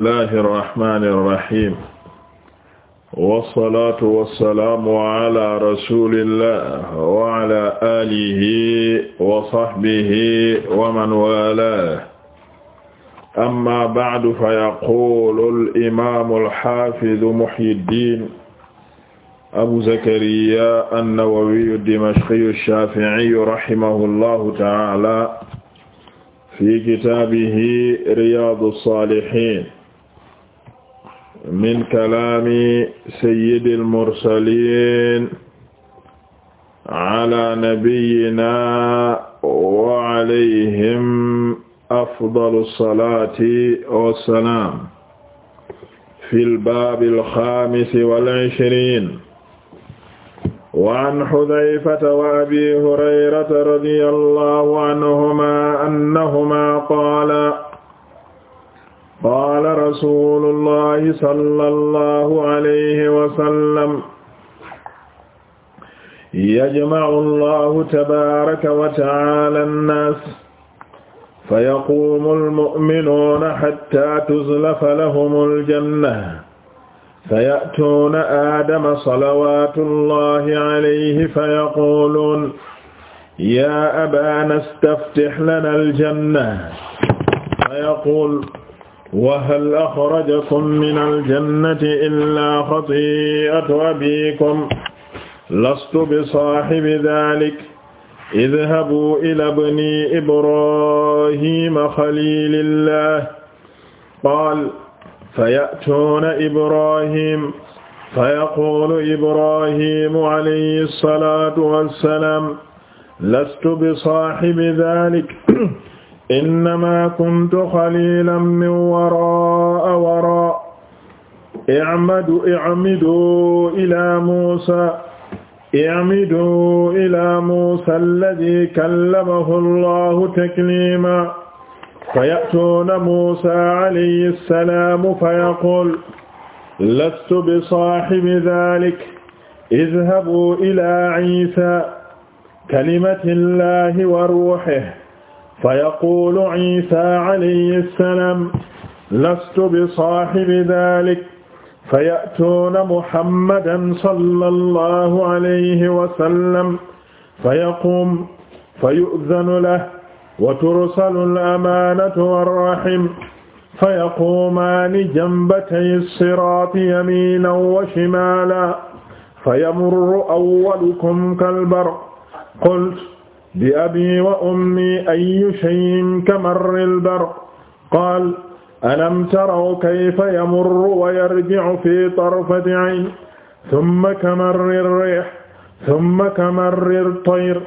الله الرحمن الرحيم والصلاة والسلام على رسول الله وعلى آله وصحبه ومن والاه أما بعد فيقول الإمام الحافظ محي الدين أبو زكريا النووي الدمشقي الشافعي رحمه الله تعالى في كتابه رياض الصالحين min kalaami sayyidil mursaliin ala nabiyyinaa wa alayhim afdalu salaati wa salaam fil baabil xaamisi wal ishriin wa an Xudayfata wa abii Hurayrata radiyallaahu anhumaa annahumaa qaala qaala rasulullahi sallallahu alayhi wa sallam yajma'u allahu tabaaraka wa ta'aala an-naas fayaquumu al-mu'minuuna hattaa tuzlafa lahumu al-janna faya'tuuna aadama salawaatu allahi alayhi fayaquuluuna yaa abaana istaftih lanaa al-janna fayaquulu wa hal axrajakum min aljannati illaa xati'atu abiikum lastu bi saaxibi daalik idhabuu ilaa bani ibraahiima xaliilillaah qaal faya'tuuna ibraahiim fayaquulu ibraahiimu alayhi salaatu wa salaam lastu bi saaxibi daalik innama kuntu xalilan min waraa waraa i'madu i'midu ila Muusa i'midu ila Muusa alladhi kallamahu Allahu taklima faya'tuuna Muusa alayhi salaam fayaquulu lastu bisaahibi dhaalika idhabuu ila Iisaa kalimati Llaahi wa ruuhihi fa yaqulu isa alayhi salaam lastu bi saahibi daalik fa ya'tuuna muhammadan sallallahu alayhi wa sallam fa yaquum fa yu'danu lahu wa tursalu al-amaanatu war-rahim fa yaquumaani janbatay as-siraati yamiinan wa shimaalan fa yamurru awwalukum kal-barq qultu bi abi wa ummi ayyu shay'in kamarril barq qaal alam taraw kayfa yamurru wa yarji'u fi tarfati 'ayn thumma kamarrir rih thumma kamarrir tayr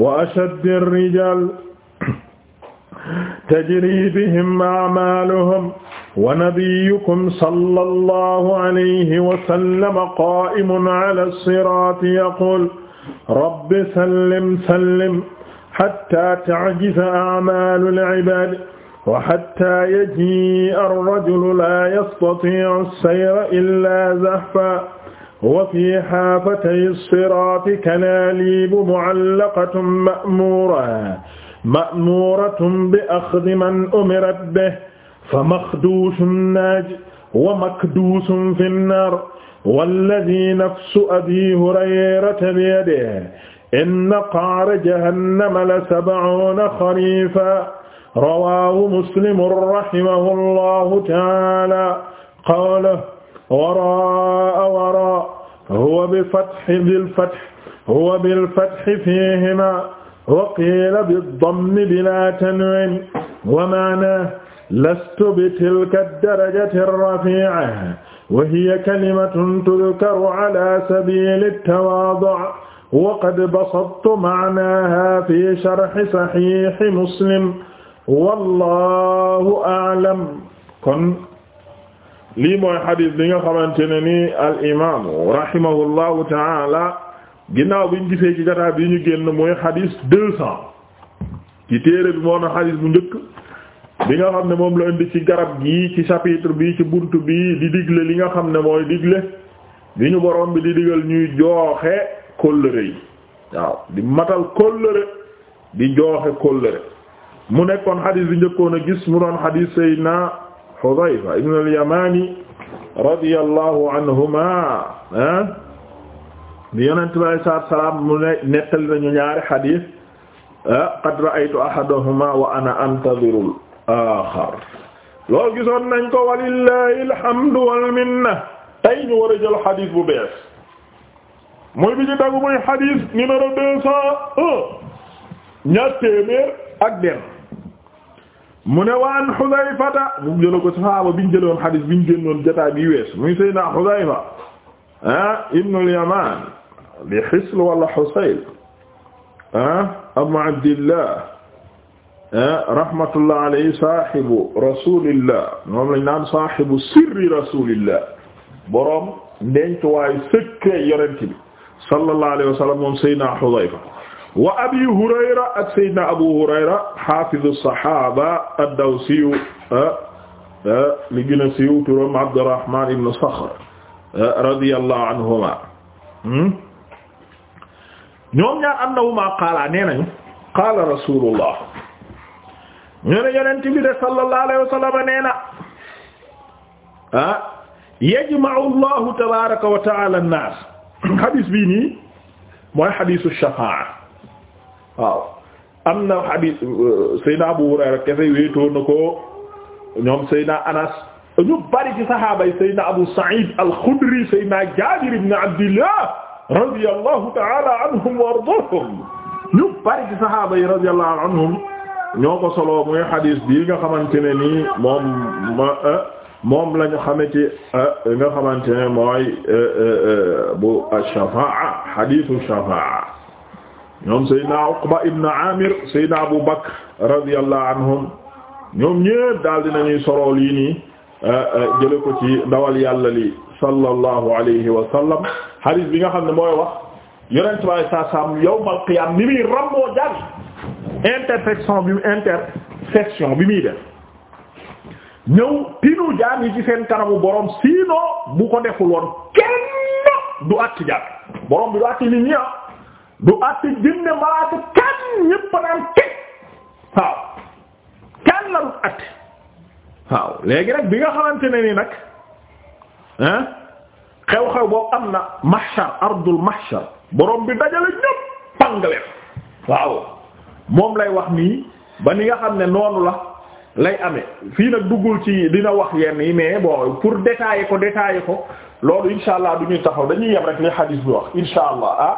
wa ashaddir rijal tajri bihim a'maluhum wa nabiyyukum sallallahu alayhi wa sallam qa'imun 'ala as-sirati yaqul rabbi sallim sallim hatta ta'jiza a'malu al-'ibad wa hatta yaji'a ar-rajulu la yastati'u as-sayra illa zahfa wa fi haafatay as-siraati kanaalibu mu'allaqatun ma'muura ma'muuratun bi axdi man umirat bihi fa maxduusun naaj wa makduusun fi nnaar walladii nafsu abii hurayrata biyadihi inna qaara jahannama la sab'uuna xariifa rawaahu muslimun rahimahullaahu ta'aalaa qawluhu waraa'a waraa'a huwa bifatxi bilfatxi huwa bilfatxi fiihimaa wa qiila biddammi bilaa tanwiin wa ma'naahu lastu bitilka darajati rafii'a wa hiya kalimatun tudkaru ala sabili tawaadu' wa qad basattu ma'naaha fi sharhi sahihi muslim wallahu a'lam kon lii mooy xadis bi nga xamante ne ni al imaamu rahimahullahu taala ginnaaw biñ gisee ci jataab yi ñu génn mooy xadis deux cents ci téere bi moo na xadis bu njëkk bi nga xam ne moom la indi ci garab gi ci chapitre bi ci bunt bi di digle li nga xam ne mooy digle bi ñu borom bi di digal ñuy jooxe kóllëre yi waaw di matal kóllëre di jooxe kóllëre mu nekkoon xadis bi njëkkoon a gis mu doon xadis Seydina Xudayfa ibn al-Yamani radiyallahu anhuma ah bi yonent bi alei salatua salaam mu ne nettali nañu ñaari xadis ah, qad ra'aytu ahadahuma wa ana antadhirul axar loolu gisoon nañ ko walillahi alhamdu wal minna tey ñu war a jël xadis bu bees muy bi ci dagu muy xadis numéro deux cent un ñaar téeméer ak benn mu ne waan Xudayfata mu jëla ko sahaaba biñ jëloon xadis biñ génnoon jotaay bi wees muy Seydina Xudayfa ah ibnul Yamaan bi Xisl wala Xusayl ah Abu Eh, rahmatullah alayhi saahibu rasulillah moom lañ naan saahibu sirri rasulillah boroom ndencuwaayu secret yonent bi sallallahu alayhi wa sallam moom Seydina Hudayfa wa Abi Hurayra ak Seydina Abu Hurayra hafizu sahaba ad-Dawsiyu eh, eh, li gën a siiw turam Abdurrahman ibn Sakhr radiyallahu anhuma hmm? ñoom ñaar annahuma qaala nee nañu qaala rasulullah ñu ne yonent bi de sallallahu alayhi wa sallam nee na ah yajma'u Allahu tabaaraka wa ta'ala an-naas xadis bii nii mooy xadisu shafaa waaw am na xadis Seydina Abu Hurayra kese wéetoo na ko ñoom Seydina Anas ñu bari ci saxaaba yi Seydina Abu Sa'id al-Khudri Seydina Jaabir ibn Abdillah radiyallahu ta'ala anhum wa ardaahum ñu bari ci saxaaba yi radiyallahu anhum ñoo ko solo muy xadis bi nga xamante ne nii moom eh, moom lañu xame ci eh, nga xamante ne mooy eh, bu ash-shafaa xadisu shafaa ñoom Seydina Uqba ibn Amir Seydina Abu Bakr radiyallahu anhum ñoom ñépp daal dinañuy solo lii nii jële ko ci ndawal yàlla li sallallahu alayhi wa sallam xadis bi nga xam ne mooy wax yonent bi sallallahu alayhi wa sallam yawmal qiyaam ni muy ramoo jàll intersection bi intersection bi muy def ñëw tinu jaam yi ci seen kanamu borom sinon bu ko deful woon kenn du àtt jaam borom bi du àtt nit ñi ah, du àtt jinne malaaka kenn ñépp naan waaw kenn la du àtt waaw léegi nag bi nga xamante ne nii nag ah xew-xew boobu am na mahshar ardul mahshar borom bi dajale ñépp pangaleef waaw moom lay wax nii ba ni nga xam ne noonu la lay amee fii nag duggul ci dina wax yenn yi mais bon pour détailler ko détailler ko loolu insha allah du ñuy taxaw dañuy yem rek li xadiis bi wax insha allah ah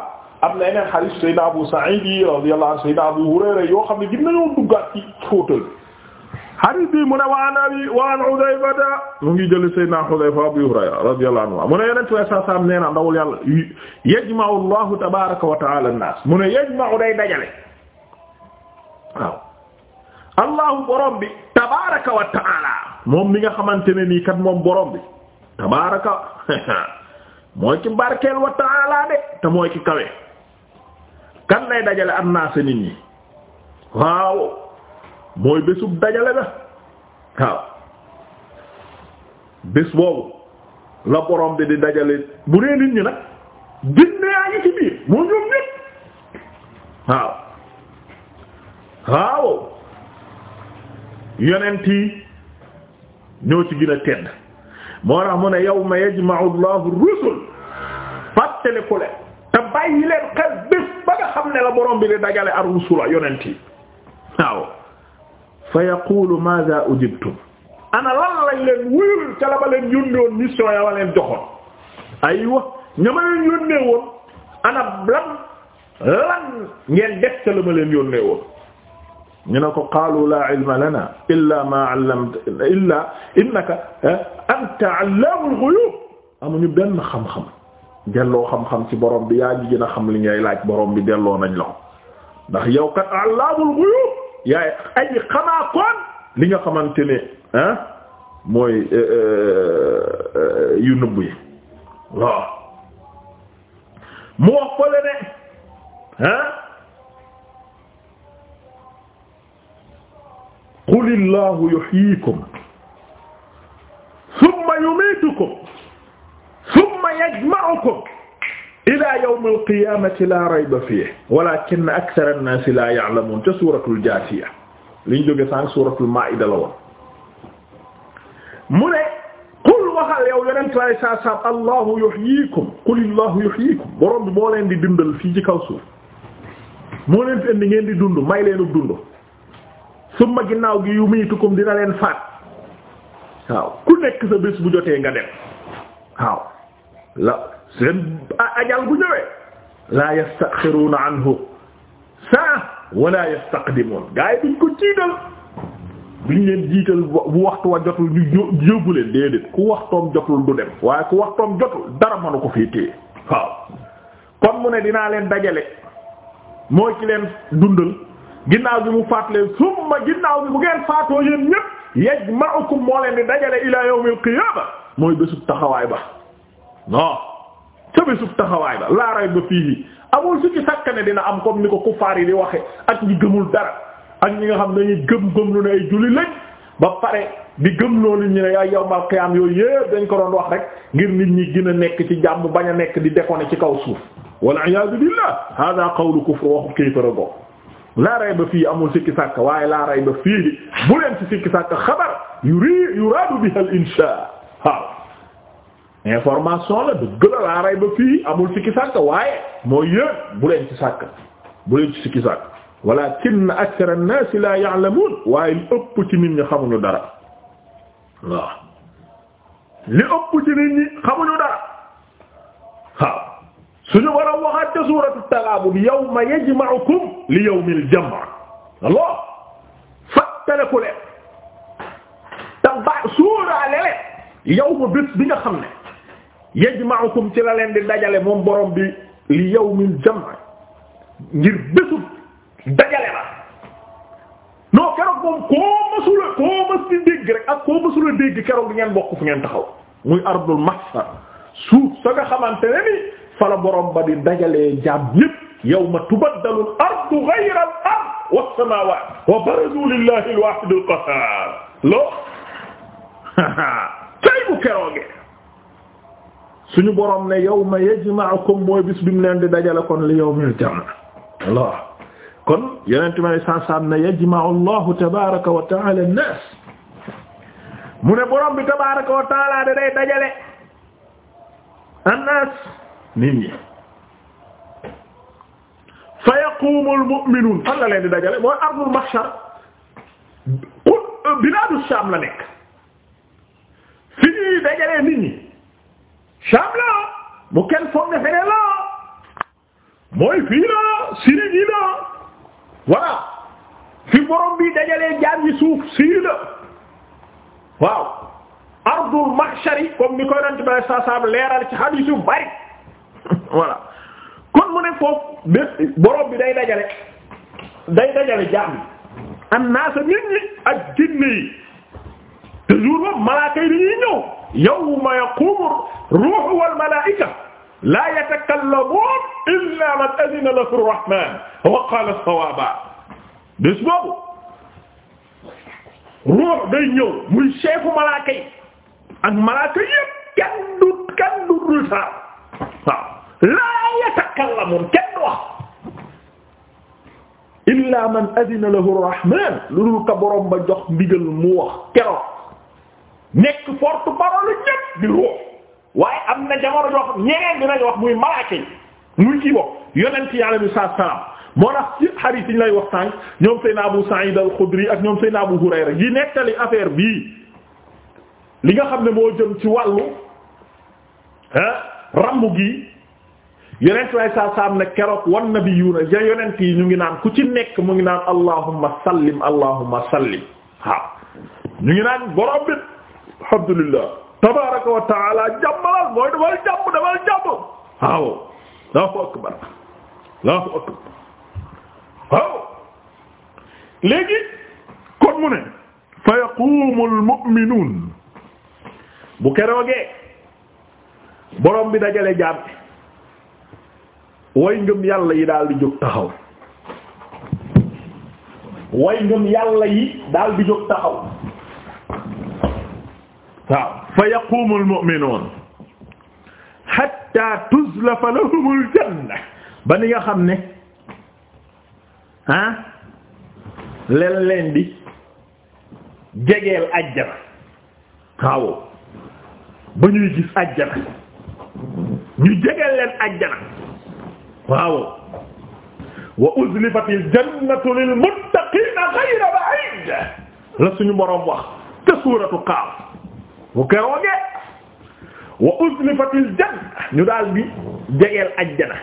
am na yeneen xadiis Seydina Abu Sa'id yi radiyallahu anhu Seydina Abu Hurayra yoo xam ne gën na duggaat ci xóotal xadiis bi mu ne wa an abi wa an Hudayfata mu ngi jële Seydina Hudayfa Abu Hurayra radiyallahu anhu mu ne yeneen tuwe sa sam nee na ndawul yàlla yajma'u Allahu tabaaraka wa ta'ala an-naas mu ne waaw allahu borom bi tabaraka wa moom mi nga xamante ne nii kat moom borom bi tabaraka mooy ki barkeel wa de te mooy ki kawe kan lay dajale am naa sa nit ñi waaw mooy bésub dajale ba waaw bés boobu la borom bi di dajale bu dee nit ñi nag gis yaa ngi ci biir moo ñoom ñépp waaw waaw yonent yi ñoo ci gën a tedd moo tax mu ne yawma yajma'u Allahu rusul fàttali ku leen te bàyyi leen xel ba nga xam ne la borom bi di dajale ar-rusula yonent yi waaw fa yaqulu madha ana lan lañ leen wuyul ca la ma leen joxoon ana lan lan ngeen def ca la ma leen yónnee ñu ne ko qaalu laa ilma lana illa ma allamtana illa innaka eh, anta allaamul ghuyuub amuñu benn xam-xam delloo ci borom bi yaa ngi gën a xam li ngay laaj borom bi delloo nañ la ko ndax yow nga xamante ne eh, mooy mu eh, wax ko le ne qulillahu yuhyikum summa yumiitukum summa yajma'ukum ila yawm alqiyamati la rayba fihi walakinna akthara an-nasi la ya'lamun te suratul jaasiya liñ jóge sànq suratul maida la woon mu ne qul waxal yow yonent lay saa saam allahu yuhyikum qulillahu yuhyikum borom bi moo leen di dundal fii ci kaw suuf moo leen fi indi ngeen di dund may leenu dund summa ginnaaw gi yu miitukum dina leen faat waaw ku nekk sa bés bu jotee nga dem waaw la seen ajal bu ñëwee la yastaxiruuna anhu saa wala yastaqdimuun gaa yi duñ ko jiital duñ leen jiital bu waxtu wa jotul ñu yóbbu leen déedéet ku waxtoom jotul du dem waaye ku waxtoom jotul dara mënu ko fii téye waaw kon mu ne dinaa leen dajale mooy ki leen dundal ginnaaw bi mu faat leen summa ginnaaw bi bu ngeen faatoo yéen ñépp yajma'ukum moo leen di dajale ila yawmil qiyaama mooy bésub taxawaay ba non ca bésub taxawaay ba laa rayba yi amul su ci sakk ne dina am comme ni ko kuffaar yi di waxe ak ñi gëmul dara ak ñi nga xam ne dañuy gëm gëm lu ne ay julli lañ ba pare di gëm loolu ñu ne ay yawmal qiyaam yooyu yépp dañ ko doon wax rek ngir nit ñi gën a nekk ci jàmm bañ a nekk di déconner ci kaw suuf wal iyaadu billah hada qawlu kufr laa rayba fii amul sikki sàkk waaye laa rayba fii bu leen ci sikki sàkk xabar yu ri yuraadu biha al insha waaw information la dëgg la laa rayba fii amul sikki sàkk waaye mooy yéen bu leen ci sàkk bu leen ci sikki sàkk walakin akthara an-nas la ya'lamun waaye li ëpp ci nit ñi xamuñu dara waaw li ëpp ci nit ñi xamuñu dara waaw suñu war a waxaat ca suuratu Taghaabun yawma yajma'ukum li yawmil jam'a Allah fàttaliku leen te ba suuraale leen yawma bés bi nga xam ne yajma'ukum ci la leen di dajale moom borom bi li yawmil jam'a dajale la non keroog moom koo masula koo mas di dégg rek ak koo masula dégg keroog di ngeen fu ngeen taxaw muy ardul mahsar suuf sa nga xamante ne ni fala borom ba di dajalee jaam ñépp yawma tubaddalu al-ardu ghayra al-ardi was-samaawaat wa barazu lillahi al-waahid al-qahhaar loo tey bu keroogee suñu borom ne yawma yajma'ukum mooy bis bi mu leen di dajale kon li yawmil jam' Allah kon yonent ma ne saasaan na yajma'u Allahu tabaaraka wa ta'aala an-naas mu ne borom bi tabaaraka wa ta'aala da day dajale an-naas nit ñi fa yaqumu almu'minuun fan la leen mooy ardul mahshar euh, bilaadu Shaam la nekk fi ñuy dajalee mu kenn foog mooy fii la Syrie gi la voilà fi borom bi dajalee jaam yi suuf sii waaw ardul mahshar yi ni koy doon ci bëri saa saa leeral ci hadiis yu bari. voilà kon mu ne foofu bés borom bi day dajale day dajale jaam an naasa nit ñi ak jinne yi te jour boobu malaaka yi dañuy ñëw yawma yaqumu ruuhu wal malaa'ika laa yatakallamuun illaa man azina lahu rahmaan wa qaala sawaaba bés boobu ruux day ñëw muy chefu malaaka yi ak malaaka yépp kenn du kenn du retard waaw laa yatakallamun kenn wax illa man adina lahu rahman lu dul ka ba jox ndigal mu wax keroog nekk porte-parole ñépp di ruux na jamono joo xam ñeneen wax muy malaaka yi muy kii bokk yonent yi alayhi salaam moo tax ci xarit yi ñu lay wax tànk Abu Sa'id al-Khudri ak ñoom Seydina Abu Hurayra yi nettali affaire bii li nga xam ne moo jëm ci wàllu ah rambu yonent way saa saam ne keroog wan nabiyuuna yonent yi ñu ngi naan ku ci nekk mu ngi naan allahumma sallim allahumma sallim waaw ñu ngi naan borom bi alhamdulillah tabaaraka wa taala jàmmalal mooy dafal jàmm dafal jàmm waaw akbar allahu akbar waaw léegi kon mu ne fa yaqumu almu'minuun bu keroogee borom bi dajale jàmm way ngëm yàlla yi daal di jóg taxaw way ngëm yàlla yi daldi di jóg taxaw waaw fa yaqumu almu'minuun hatta tuzlafa lahumul janna ba ni nga xam ne ah leen leen di jegeel ajjana waaw ba ñuy gis ajjana ñu jegeel leen ajjana waaw wa uzlifatil jannatu lil muttaqiina ghayra ba'iid la suñu boroom wax te suuratu qaaf bu keroogee wa uzlifatil janna ñu daal bi jegeel ajjana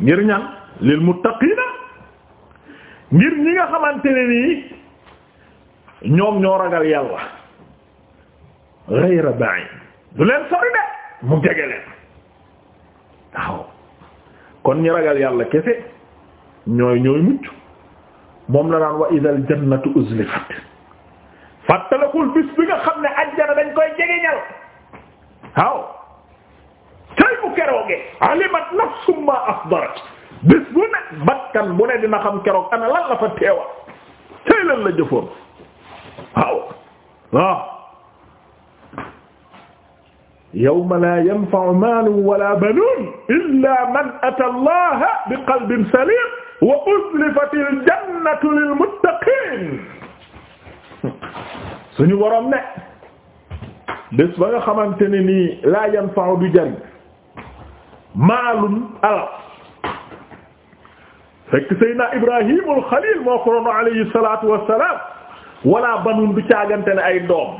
ngir ñan lil muttaqiina ngir ñi nga xamante ne nii ñoom ñoo ragal yàlla ghayra ba'iid du leen sori de mu jege kon ñi ragal yàlla kese ñooy ñooy mucc moom la naan wa idal jannatu uzlifat fàttalakul bis bi xam ne ajjana dañ koy jegeñal waaw tay bu kerooge alimat nafsum ma afdarat bis ne bakkan bu ne dina xam keroog ana lan la fa teewa tay lan la jëfoon waaw yawma laa yanfa'u maalun wala banuun illaa man ataa Allaha bi qalbin saliim wa uzlifatil jannatu lil muttaqiin suñu boroom ne bés ba nga xamante ne nii laa yanfa'u du jariñ maalun alal fekk Seydina Ibrahimul Xaliil moo ko doon alayhi salaatu wa salaam wala banuun du caagante ne ay doom.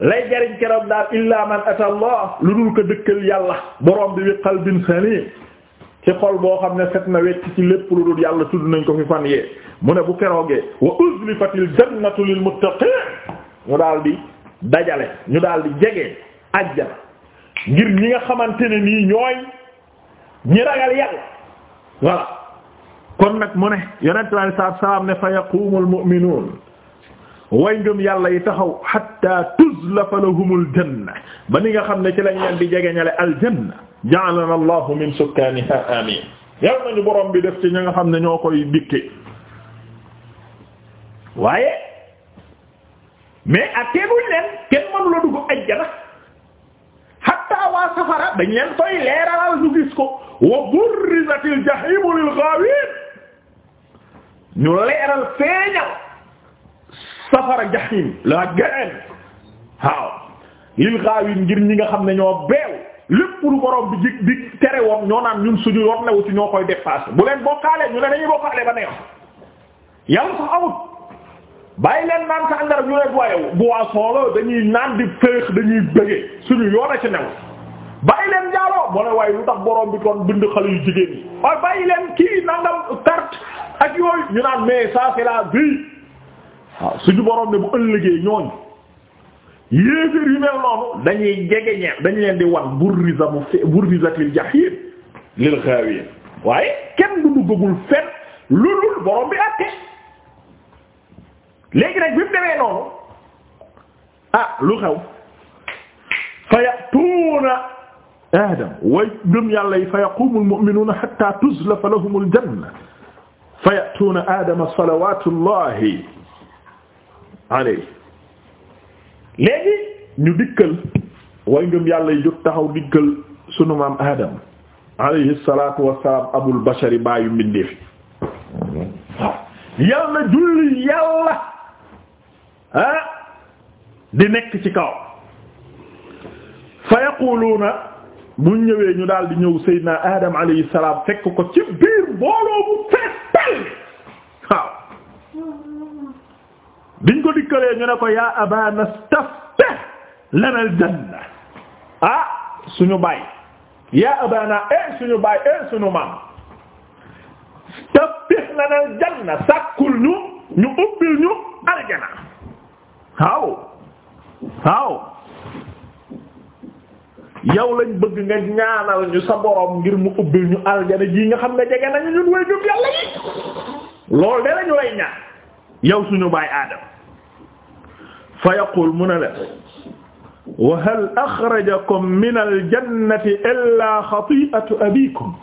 lay jariñ keroog daal illa man ata allah lu dul ko dëkkal yàlla borom bi bi qalbin salim ci xol boo xam ne set na wecc ci lépp lu dul yàlla tudd nañ ko fi fan yee mu ne bu keroogee wa uzlifatil jannatu lil muttaqin ñu daal di dajale ñu daal di jege ajjana ngir ñi nga xamante ne nii ñooy ñi ragal yàlla voilà kon nag mu ne yonent bi sallallahu alayhi wasallam ne fa yaqumul mu'minun way ngëm yàlla yi taxaw hatta tuzlafa lahumul janna ba ni nga xam ne ci lañ leen di jegeñale aljanna ja'alana allahu min sukkaaniha amin yal nañu borom bi def ci ñi nga xam ne ñoo koy dikke waaye mais atteeguñ leen kenn mënu la dugg ajjana hatta waa safara dañ leen koy leeralal ñu gis ko wa burrizatil jahimu lil ghaawin ñu leeral feeñal safara jahim la gën waaw lil gaawin ngir ñi nga xam ne ñoo beew lépp lu borom bi di di tere woon ñoo naan ñun suñu yoon newu ci ñoo koy dépassé bu leen bokkaale ñu ne dañuy bokkaale ba neex yàlla sax amut bàyyi leen naan sa engrais ñu ne boyewu boisson la dañuy naan di féex dañuy bëggee suñu yoon a ci new bàyyi leen njaaloo moo ne waaye lu tax borom bi kon bind xale yu jigéen yi bàyyi leen kii nangam carte ak yooyu ñu naan mais ça c'est la waaw suñu borom ne bu ëllëgee ñooñu yéeféer yu mel noonu dañuy jege ñeex dañu leen di wan burriza mu fe burrizatil jahim lil ghaawin waaye kenn du duggagul fen lu dul borom bi àtte léegi nag bi mu demee noonu ah lu xew fa ya'tuuna adam way gëm yàlla yi fa yaqumu almu'minuuna hatta tuzlafa lahum aljanna fa ya'tuuna adama salawatullahi alay léegi ñu dikkal way ngëm yàlla yi jóg taxaw dikkal sunu maam Adam alayhi salaatu wassalaam baayu mbindeef yàlla julli yàlla ah di nekk ci kaw fa yaquluuna bu ñëwee ñu daldi ñëw Seydina Adam alayhi salaam fekk ko ci biir mbooloo bu fees waaw digalee ñu ne ko yaa abana staftih lana al ah, suñu baay yaa abana eh suñu baay eh suñu maam staftih lana al sàkkul ñu ñu ubbil ñu aljana waaw waaw yow lañ bëgg nga ñaanal ñu sa borom ngir mu ubbil ñu aljana ji nga xam ne jege nañu ñun way ñun yàlla yi loolu de lañu lay ñaan yow suñu baay aadama fa yaqul mu ne leen wa hal axrajakum min aljannati illaa xati'atu abikum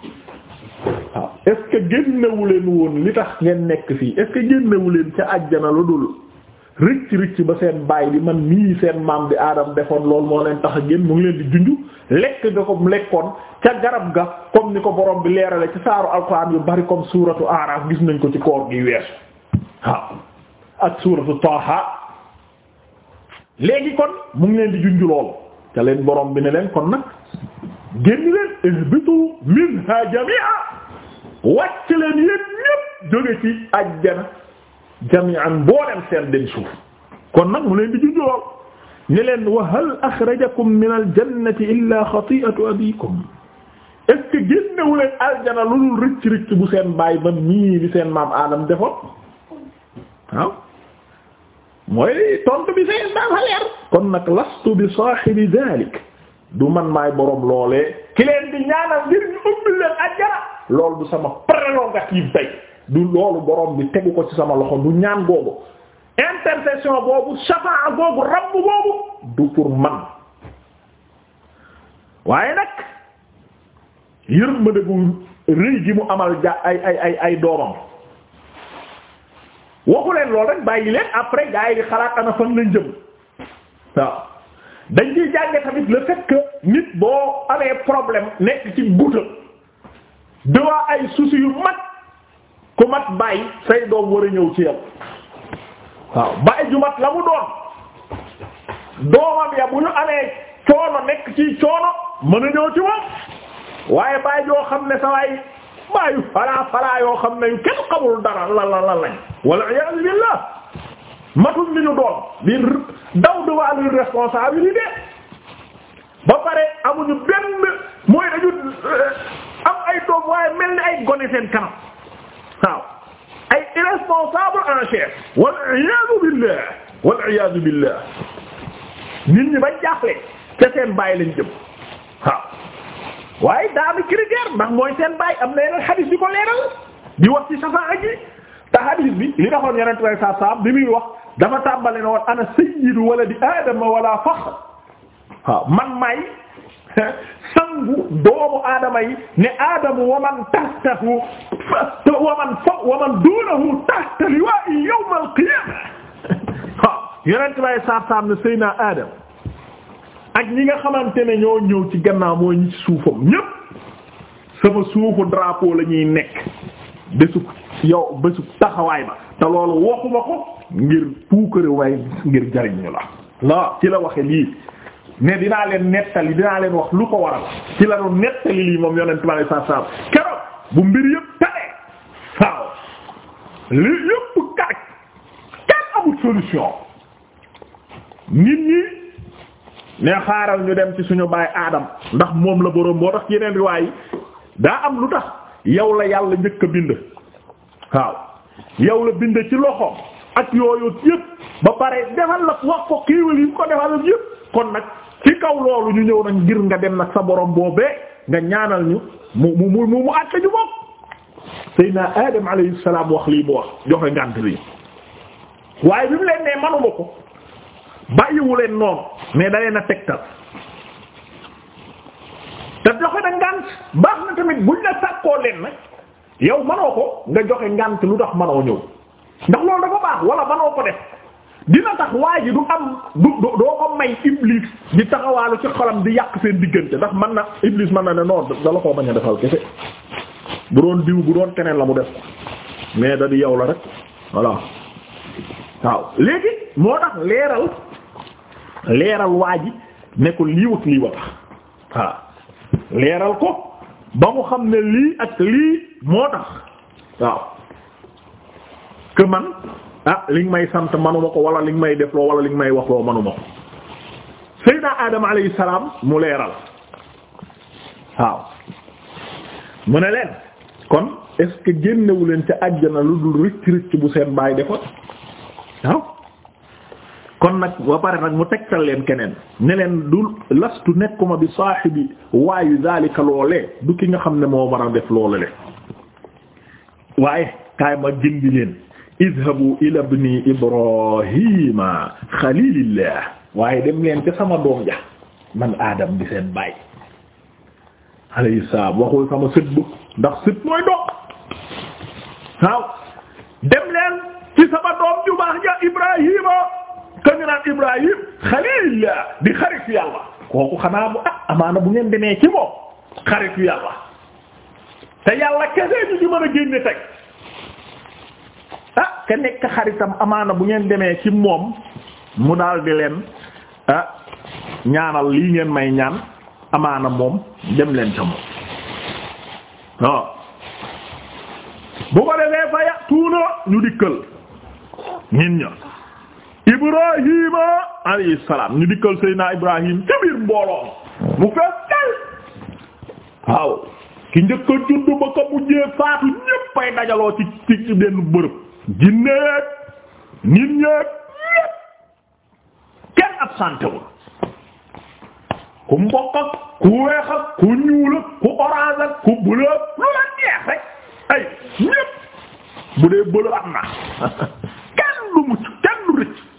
waaw est génnewu leen woon li tax ngeen nekk fii est ce que génnewu leen ca àjjana lu dul rëcc rëcc ba seen baay bi man nii seen maam bi aadam defoon loolu moo leen tax a génn mu ngi leen di junju lekk nga ko lekkoon ca garab ga comme ni ko boroom bi leerale ci saaru alxuraan yu bari comme suuratu aaraaf gis nañ ko ci koor gi weesu waaw ak suuratu taaha léegi kon mu ngi leen di junju lool te leen boroom bi ne leen kon nag génn leen ihbitu minha jami'a wàcc leen yéen ñépp jóge ci ajjana boo boolem seen den suuf kon nag mu leen di junju lool ne leen wa hal axrajakum min aljannati illa xati'atu abikum est ce que génnewu leen aljana lu dul rëcc rëcc bu seen baay ba mii bi seen maam aadam defoon waaw mooy tontu bi see dafa leer kon nag lastu bi saahibi dalik du man maay boroom loolee ki leen di ñaanal ngir ñu ubbil leen ajjana loolu du sama prérogative tey du loolu borom bi tegu ko ci sama loxo du ñaan googu intercession boobu shafaa googu rabb boobu du pour man waaye nag yërmande gu rëy gi mu amal ja ay ay ay ay doomam waxu leen loolu rek bàyyi leen après gars yi di xalaat ana fan lañ jëm waaw dañ ciy jànge tamit la fait nit boo amee problème nekk ci buuta dewaa ay soucis yu mag ku mat bàyyi say doom war a ñëw ci yow waaw bàyyi ju la mu doon doomam ya bu ñu amee coono nekk ci coono mën a ñëw ci moom waaye bàyyi joo xam ne sa waayu falaa falaa yoo xam ne kenn xamul dara la la la lañ wal iyaazu billaah matul li ñu doon di daw devant responsabilité ba pare amuñu benn mooy dañu eh, am ay doom waaye mel ni ay gone seen kanam waaw ay irresponsable en chef wal iyaazu billaah wal iyaazu billaah nit ñi ba jaaxle ca seen bàyyi lañ jëm waaw waaye daa am critère ndax mooy seen baay am na xadis di ko leeral di wax ci safaa ji xadis bi li taxoon yeneen traité saa saa bi muy wax dafa tàmbale na woon ana sayyidu waladi aadama wala faxr waaw man may sangu doomu aadama yi ne aadamu wa man tahtahu wa man fa wa man duunahu tahta liwaa'i yawm al-qiyaamah waaw yeneen traité saa saa am na sayyidina ak ñi nga xamante ne ñoo ñëw ci gannaaw mooy ñi ci suufam ñépp sama suufu drapeau la ñuy nekk bésu yow bésu taxawaay ba te loolu waxuma ko ngir puukare waaye ngir jariñ ñu la la ci la waxe lii ne dinaa leen nettali dinaa leen wax lu ko waral ci la doon nettali lii moom yonent bi alei satu keroog bu mbir yëpp tane lii yëpp kar kenn amul solution nit ñi ne xaaral ñu dem ci suñu baay aadam ndax moom la boroom boo tax yeneen riwaay yi daa am lu tax yow la yàlla njëkk a bind waaw yow la bind ci loxoom ak yooyu yëpp ba pare defal la wax ko kiiwal yi ko defal yëpp kon nag ci kaw loolu ñu ñëw nag ngir nga dem nag sa borom boobee nga ñaanal ñu mu mu mu mu àtte ñu bokk Seydina Adam alayhi salaam wax lii mu wax joxe ngànt lii waaye bi mu leen nee manuma ko bàyyiwu leen noonu mais da leen a tegtal te joxe na ngànt baax na tamit buñ la sàkkoo leen nag yow manoo ko nga joxe ngànt lu tax manoo ñëw ndax loolu dafa baax wala manoo ko def dina tax waa ji du am du doo ko may iblis di taxawaalu ci xolam di yàq seen diggante ndax man na iblis man na ne non da la koo bañ a defal kese bu doon diw bu doon keneen la mu def mais da di yow la rek voilà waaw léegi moo tax leeral leeral waa ji ne ko lii ak lii wa waaw leeral ko ba mu xam ne lii ak lii moo tax waaw que ah li nga may sant manuma ko walla li nga may defloo wala li nga may waxloo manuma ko Seydina Adama alayhi salaam mu leeral waaw mu ne leen kon est ce que génnewu leen ca àjjana lu dul rëcc rëcc bu seen baay defoon kon nag ba pare nag mu tegtal leen keneen ne leen du lastu nekkuma bi saaxibi waayu daalika loolee du ki nga xam ne moo war a def loolu le waaye kaay ma gindi leen idhabu ila ibni ibrahima xalilillah waaye dem leen ca sama doom ja man aadam di seen baay alayhi salaam waxul sama sët bu ndax sët mooy doom waaw dem ci sama doom ju ja ibrahima ka naan Ibrahim xalilillah di xaritu yàlla kooku xanaa bu ah amaana bu ngeen demee ci moom xaritu yàlla te yàlla kese ñu ci mën a génne teg ah ka nekk xaritam amaana bu ngeen demee ci moom mu daal di leen ah ñaanal lii ngeen may ñaan amaana moom dem leen ca moom bu ko defee fa yàqu tuuna ñu dikkal ñin ña. ibrahima alayhi salaam ñu dikkal seydina ibrahim ci biir mu fees tel ki njëkk a judd ba ko faatu ñéppay dajaloo ci ci benn bërëb jinneet nit ñépp kenn absenté ku mbokk ku weex ku ñuul ku orange ku bleu lu la neex rek ñépp bu dee bleu am kenn lu mucc kenn lu rëcc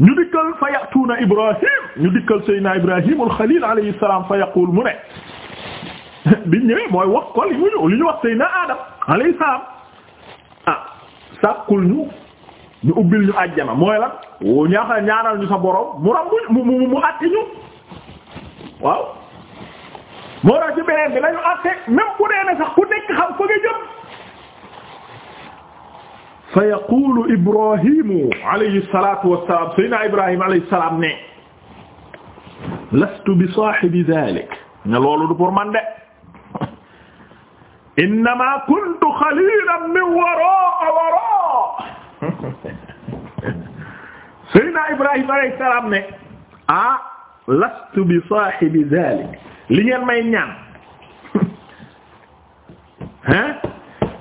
ñu dikkal fa yatuuna Ibrahim ñu dikkal Seydina Ibrahim al-Xaliil alayhi salaam fa yaqul mu ne biñ ñëwee mooy wax li ñu ñu wax Seydina Adam alayhi salaam ah ñu ñu ubbil ñu àjjana mooy lan woo ñaaxal ñaanal ñu sa borom mu rab mu mu mu àtte ñu waaw moo tax ci beneen bi lañu àtte même ku dee ne ku nekk xam fa nga fa yaqulu ibrahimu alayhi salatu wassalam sayyidina ibrahima alayhi salaam ne lastu bi sahibi dhalik ne loolu du pour man de innama kuntu khalilan min wara'a wara'a sayyidina ibrahima alayhi salaam ne ah lastu bi sahibi dhalik li ngeen may ñaan hein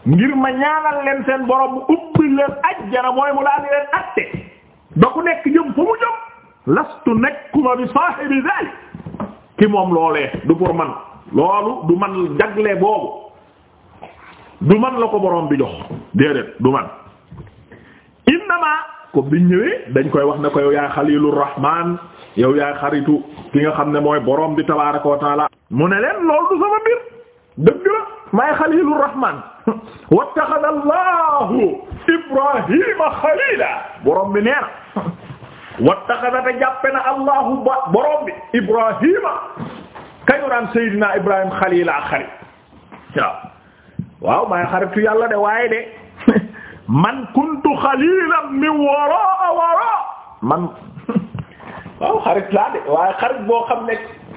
ngir ma ñaanal leen seen borom mu ubbi leen ajjana mooy mu daal di leen atte ba ku nekk jëm fu mu jëm lastu nekkuma bi saahibi zalik ki moom loolee du pour man loolu du man jagle boobu du man la ko borom bi jox déedéet du man innama ko biñ ñëwee dañ koy wax ne ko yow yaay xalilu rahmaan yow yaay xaritu ki nga xam ne mooy boroom bi tabaaraka wa taala mu ne leen loolu du sama mbir dëgg la maay xalilu wattaxada allahu ibrahima xalila borom bi nee na wattaxada te jàppe na allahu ba borom bi ibrahima kañuraan saydina ibrahima xalila xarit waaw waaw maay xaritu yàlla de waaye de man kuntu xalilan min wara wara man waaw xarit laa de waaye xarit boo xam ne